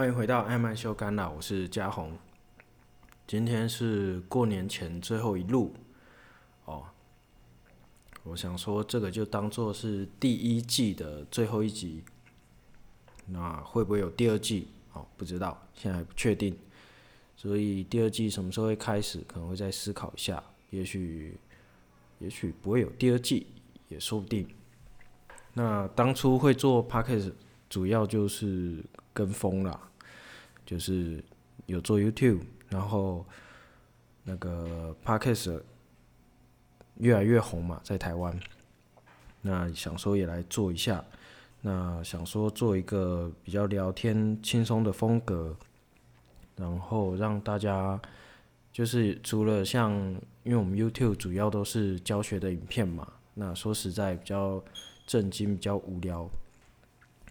歡迎回到艾邁修乾啦，我是嘉宏。今天是過年前最後一錄哦。我想說，這個就當做是第一季的最後一集。那會不會有第二季？哦，不知道，現在還不確定。所以第二季什麼時候會開始，可能會再思考一下。也許，也許不會有第二季，也說不定。那當初會做 podcast，主要就是跟風啦。就是有做 YouTube，然後那個 Podcast 越來越紅嘛，在台灣，那想說也來做一下，那想說做一個比較聊天輕鬆的風格，然後讓大家就是除了像，因為我們 YouTube 主要都是教學的影片嘛，那說實在比較正經，比較無聊，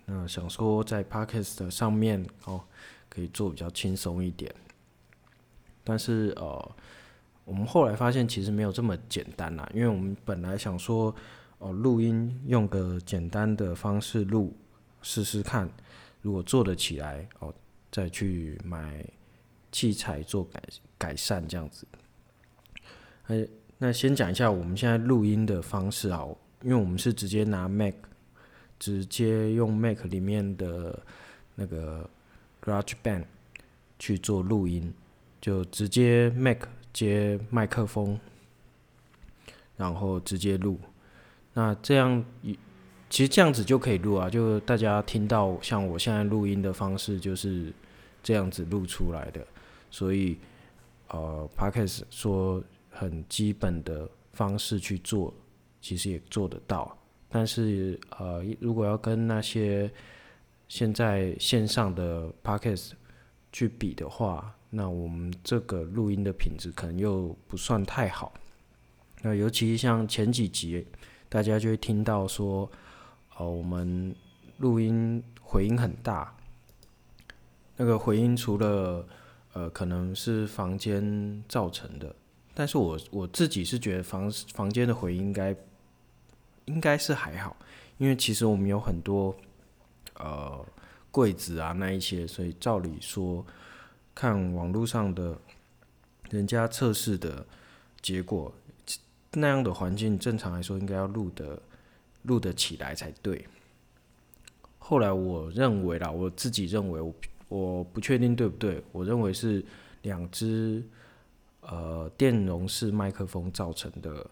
那想說在 Podcast 的上面哦。可以做比較輕鬆一點，但是呃，我們後來發現其實沒有這麼簡單啦，因為我們本來想說，哦、呃，錄音用個簡單的方式錄試試看，如果做得起來哦、呃，再去買器材做改改善這樣子。那先講一下我們現在錄音的方式啊，因為我們是直接拿 Mac，直接用 Mac 裡面的那個。GarageBand 去做錄音，就直接 Mac 接麥克風，然後直接錄。那這樣，其實這樣子就可以錄啊。就大家聽到像我現在錄音的方式就是這樣子錄出來的，所以呃，Podcast 說很基本的方式去做，其實也做得到。但是呃，如果要跟那些現在線上的 podcast 去比的話，那我們這個錄音的品質可能又不算太好。那尤其像前幾集，大家就會聽到說，哦、呃，我們錄音回音很大。那個回音除了，呃，可能是房間造成的，但是我我自己是覺得房房間的回音應該應該是還好，因為其實我們有很多。呃，櫃子啊那一些，所以照理說，看網絡上的人家測試的結果，那樣的環境正常來說應該要錄得錄得起來才對。後來我認為啦，我自己認為我，我不確定對不對，我認為是兩隻呃電容式麥克風造成的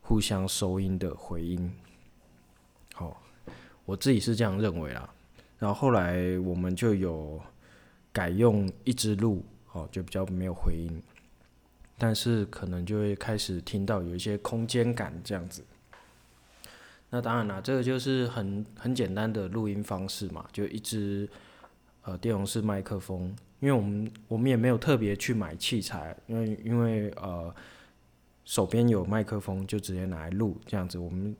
互相收音的回音。哦，我自己是這樣認為啦。然後後來我們就有改用一支錄，哦，就比較沒有回音，但是可能就會開始聽到有一些空間感這樣子。那當然了，這個就是很很簡單的錄音方式嘛，就一支呃電容式麥克風，因為我們我們也沒有特別去買器材，因為因為呃手邊有麥克風就直接拿來錄這樣子。我們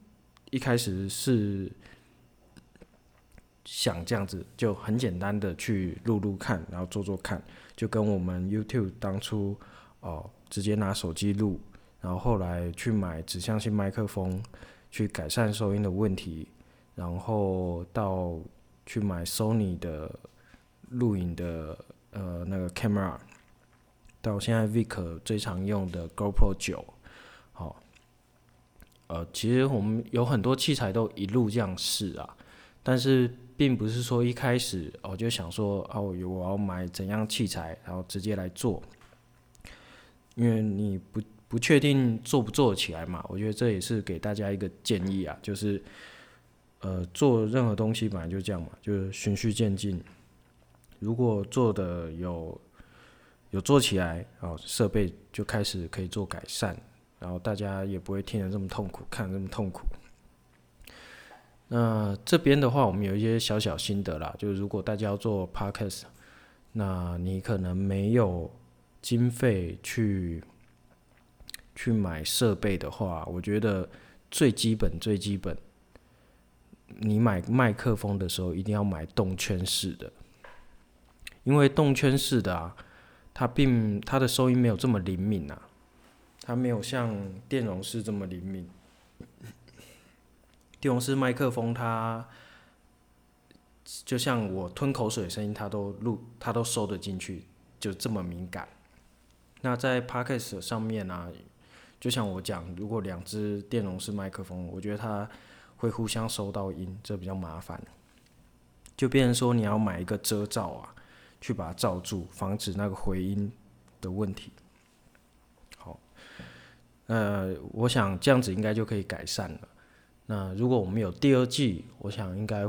一開始是想這樣子，就很簡單的去錄錄看，然後做做看，就跟我們 YouTube 當初哦、呃，直接拿手機錄，然後後來去買指向性麥克風，去改善收音的問題，然後到去買 Sony 的錄影的呃那個 camera，到現在 Vic 最常用的 GoPro 九、哦，好，呃，其實我們有很多器材都一路這樣試啊。但是並不是說一開始我、哦、就想說哦，我要買怎樣器材，然後直接來做，因為你不不確定做不做得起來嘛。我覺得這也是給大家一個建議啊，就是呃做任何東西本來就這樣嘛，就是循序漸進。如果做的有有做起來，然後設備就開始可以做改善，然後大家也不會聽得這麼痛苦，看得這麼痛苦。那這邊的話，我們有一些小小心得啦。就是如果大家要做 podcast，那你可能沒有經費去去買設備的話，我覺得最基本最基本，你買麥克風的時候一定要買動圈式的，因為動圈式的啊，它並它的收音沒有這麼靈敏啊，它沒有像電容式這麼靈敏。電容式麥克風，它就像我吞口水的聲音，它都錄，它都收得進去，就這麼敏感。那在 Podcast 上面啊，就像我講，如果兩隻電容式麥克風，我覺得它會互相收到音，這比較麻煩。就變成說你要買一個遮罩啊，去把它罩住，防止那個回音的問題。好，呃，我想這樣子應該就可以改善了。那如果我們有第二季，我想應該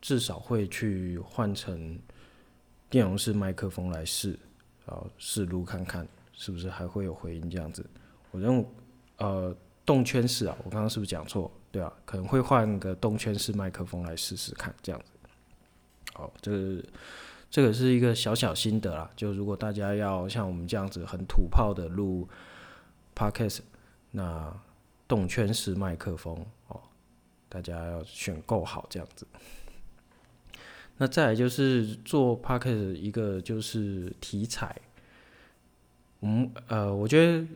至少會去換成電容式麥克風來試，然後試錄看看是不是還會有回音這樣子。我認為，呃，動圈式啊，我剛剛是不是講錯？對吧、啊？可能會換個動圈式麥克風來試試看這樣子。好，這這個是一個小小心得啦。就如果大家要像我們這樣子很土炮的錄 p o c a s t 那。動圈式麥克風哦，大家要選購好這樣子。那再來就是做 podcast 的一個就是題材，嗯呃，我覺得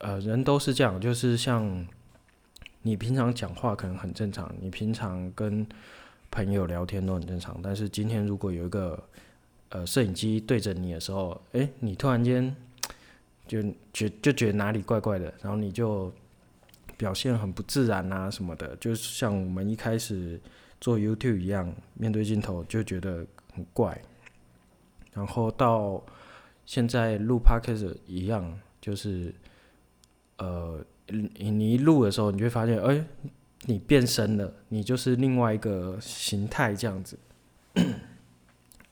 呃人都是這樣，就是像你平常講話可能很正常，你平常跟朋友聊天都很正常，但是今天如果有一個呃攝影機對着你的時候，誒、欸，你突然間就覺就,就覺得哪裡怪怪的，然後你就。表現很不自然啊，什麼的，就像我們一開始做 YouTube 一樣，面對鏡頭就覺得很怪。然後到現在錄 Podcast 一樣，就是呃，你你一錄的時候，你就會發現，哎、欸，你變身了，你就是另外一個形態這樣子。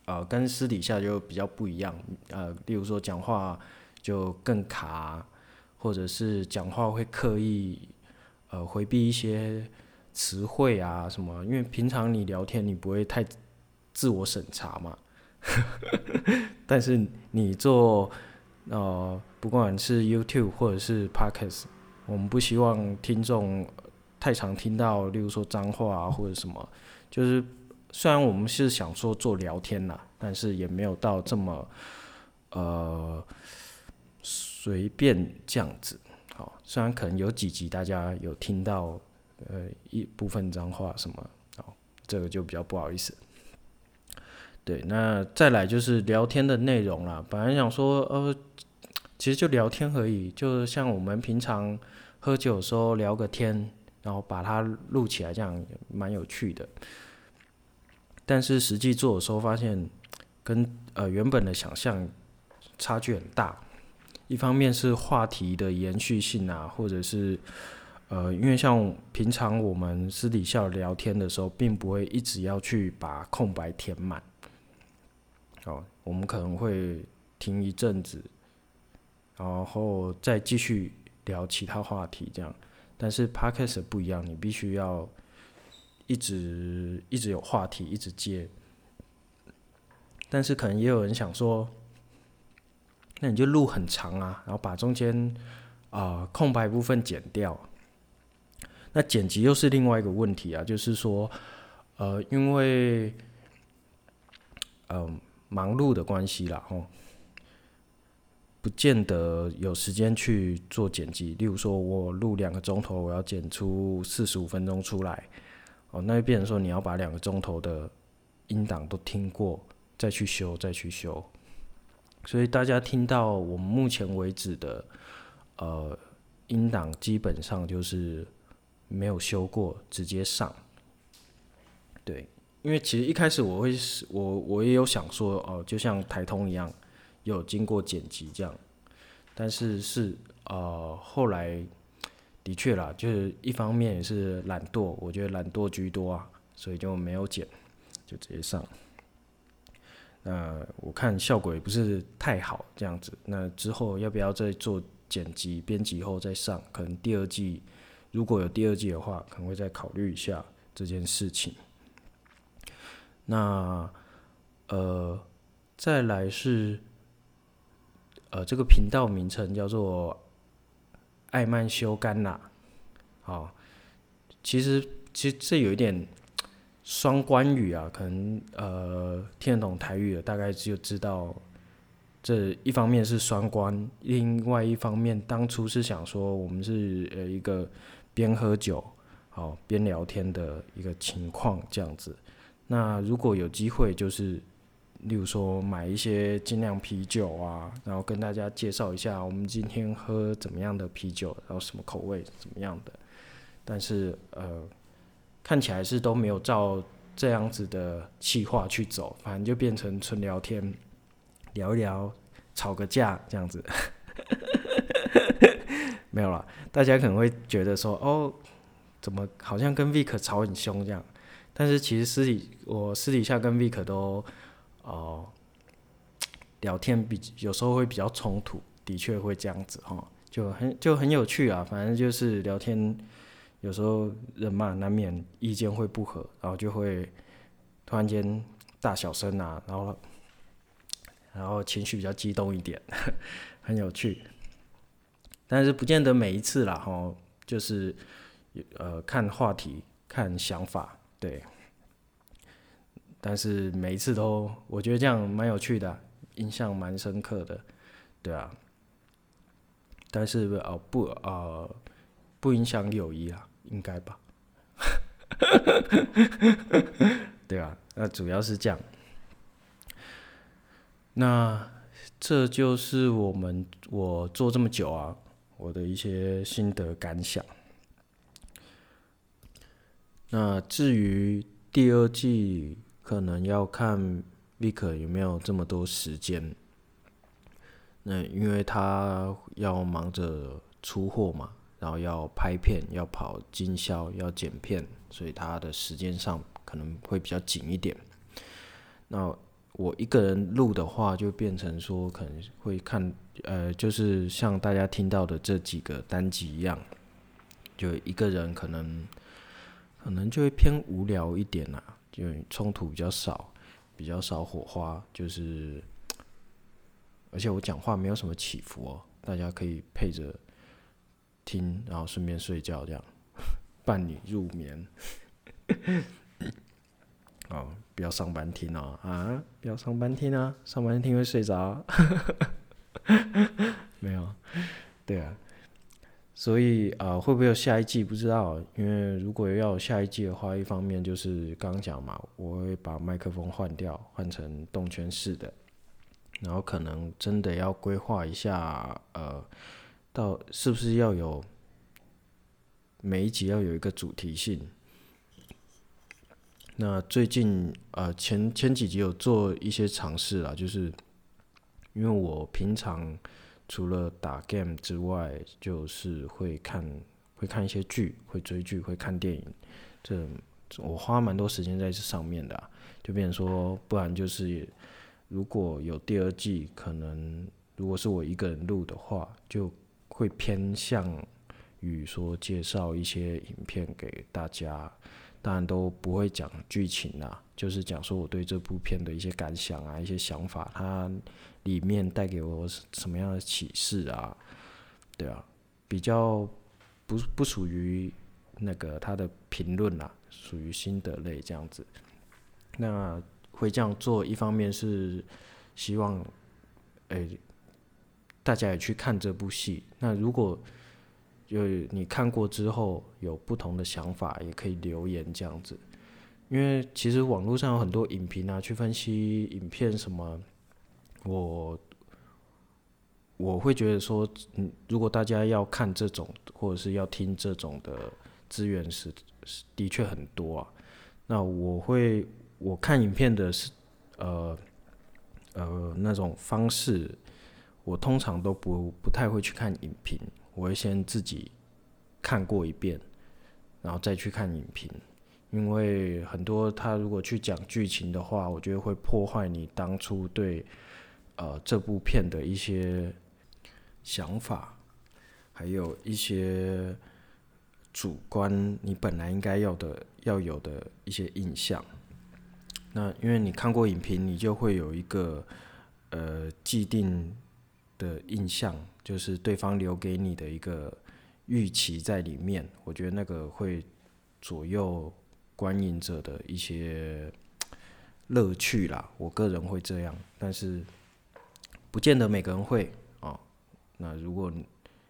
啊、 呃，跟私底下就比較不一樣，呃，例如說講話就更卡。或者是講話會刻意，呃回避一些詞彙啊什麼，因為平常你聊天你不會太自我審查嘛， 但是你做呃不管是 YouTube 或者是 Podcast，我們不希望聽眾太常聽到，例如說髒話啊或者什麼，就是雖然我們是想說做聊天啦，但是也沒有到這麼，呃。隨便這樣子，好、哦，雖然可能有幾集大家有聽到，呃，一部分髒話什麼，好、哦，這個就比較不好意思。對，那再來就是聊天的內容啦。本來想說，呃，其實就聊天而已，就像我們平常喝酒的時候聊個天，然後把它錄起來，這樣蠻有趣的。但是實際做的時候發現跟，跟呃原本的想象差距很大。一方面是話題的延續性啊，或者是，呃，因為像平常我們私底下聊天的時候，並不會一直要去把空白填滿，哦，我們可能會停一陣子，然後再繼續聊其他話題這樣。但是 Podcast 不一樣，你必須要一直一直有話題，一直接。但是可能也有人想說。那你就錄很長啊，然後把中間啊、呃、空白部分剪掉。那剪輯又是另外一個問題啊，就是說，呃，因為嗯、呃、忙碌的關係啦，吼、哦，不見得有時間去做剪輯。例如說，我錄兩個鐘頭，我要剪出四十五分鐘出來哦，那就變成說你要把兩個鐘頭的音檔都聽過，再去修，再去修。所以大家聽到我們目前為止的，呃，音檔基本上就是沒有修過，直接上。對，因為其實一開始我會，我我也有想說，哦，就像台通一樣，有經過剪輯這樣，但是是呃，後來的確啦，就是一方面也是懶惰，我覺得懶惰居多啊，所以就沒有剪，就直接上。那、呃、我看效果也不是太好，這樣子。那之後要不要再做剪輯編輯後再上？可能第二季如果有第二季的話，可能會再考慮一下這件事情。那呃，再來是呃這個頻道名稱叫做艾邁修乾啦。好、哦，其實其實這有一點。雙關語啊，可能呃聽得懂台語了大概就知道，這一方面是雙關，另外一方面當初是想說我們是呃一個邊喝酒好、喔、邊聊天的一個情況這樣子。那如果有機會，就是例如說，買一些精釀啤酒啊，然後跟大家介紹一下我們今天喝怎麼樣的啤酒，然後什麼口味怎麼樣的，但是呃。看起來是都沒有照這樣子的企劃，去走，反正就變成純聊天，聊一聊，吵個架這樣子。 沒有啦，大家可能會覺得說，哦，怎麼好像跟 Vick 吵很凶這樣？但是其實私底我私底下跟 Vick 都，哦、呃，聊天比有時候會比較衝突，的確會這樣子哈，就很就很有趣啊，反正就是聊天。有時候人嘛難免意見會不合，然後就會突然間大小聲啊，然後然後情緒比較激動一點， 很有趣，但是不見得每一次啦，吼，就是呃看話題看想法對，但是每一次都我覺得這樣蠻有趣的，啊，印象蠻深刻的，對啊，但是、呃、不啊、呃，不影響友誼啊。應該吧， 對啊，那主要是這樣。那這就是我們我做這麼久啊，我的一些心得感想。那至於第二季，可能要看 Vic 有沒有這麼多時間。那因為他要忙着出貨嘛。然後要拍片，要跑經銷，要剪片，所以它的時間上可能會比較緊一點。那我一個人錄的話，就變成說可能會看，呃，就是像大家聽到的這幾個單集一樣，就一個人可能可能就會偏無聊一點啦、啊，就衝突比較少，比較少火花，就是而且我講話沒有什麼起伏、哦，大家可以配着。聽，然後順便睡覺，這樣伴你入眠。 哦，不要上班聽哦，啊，不要上班聽啊，上班聽會睡着。 沒有，對啊，所以啊、呃，會不會有下一季？不知道。因為如果要有下一季的話，一方面就是剛講嘛，我會把麥克風換掉，換成動圈式的，然後可能真的要規劃一下，呃。到是不是要有每一集要有一個主題性？那最近啊，呃，前前幾集有做一些嘗試啦，就是因為我平常除了打 game 之外，就是會看會看一些劇，會追劇，會看電影。這我花蠻多時間在這上面的啊，就變成說，不然就是如果有第二季，可能如果是我一個人錄的話，就會偏向於說介紹一些影片給大家，當然都不會講劇情啦，啊，就是講說我對這部片的一些感想啊，一些想法，它裡面帶給我什麼樣的啟示啊？對啊，比較不不屬於那個它的評論啊，屬於心得類這樣子。那會這樣做，一方面是希望，誒、欸。大家也去看這部戲。那如果就你看過之後有不同的想法，也可以留言這樣子。因為其實網絡上有很多影評啊，去分析影片什麼。我我會覺得說，嗯，如果大家要看這種或者是要聽這種的資源是，是的確很多啊。那我會我看影片的是呃呃那種方式。我通常都不不太會去看影評，我會先自己看過一遍，然後再去看影評，因為很多他如果去講劇情的話，我覺得會破壞你當初對呃這部片的一些想法，還有一些主觀你本來應該要的要有的一些印象。那因為你看過影評，你就會有一個呃既定。的印象，就是對方留給你的一個預期在裡面，我覺得那個會左右觀影者的一些樂趣啦。我個人會這樣，但是不見得每個人會啊、哦。那如果你，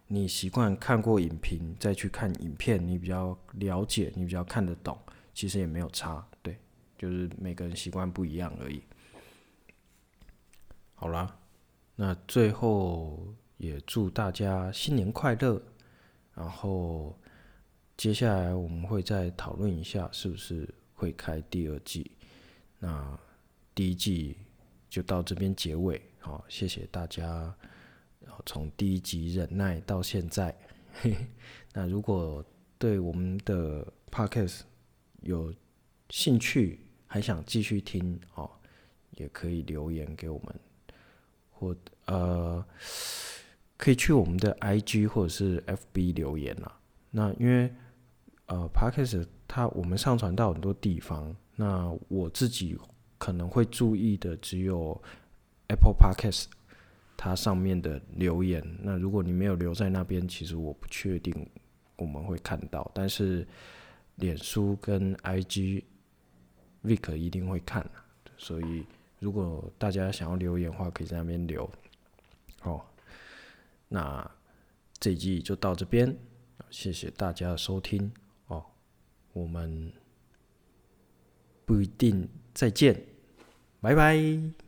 你習慣看過影評再去看影片，你比較了解，你比較看得懂，其實也沒有差。對，就是每個人習慣不一樣而已。好啦。那最後也祝大家新年快樂，然後接下來我們會再討論一下是不是會開第二季。那第一季就到這邊結尾，好，謝謝大家。從第一集忍耐到現在，嘿嘿，那如果對我們的 podcast 有興趣，還想繼續聽哦，也可以留言給我們。或呃，可以去我們的 IG 或者是 FB 留言啦、啊。那因為呃，Podcast 它我們上傳到很多地方。那我自己可能會注意的只有 Apple Podcast 它上面的留言。那如果你沒有留在那邊，其實我不確定我們會看到。但是臉書跟 IG Week 一定會看、啊，所以。如果大家想要留言的話，可以在那邊留。哦。那這一集就到這邊，謝謝大家的收聽哦。我們不一定再見，拜拜。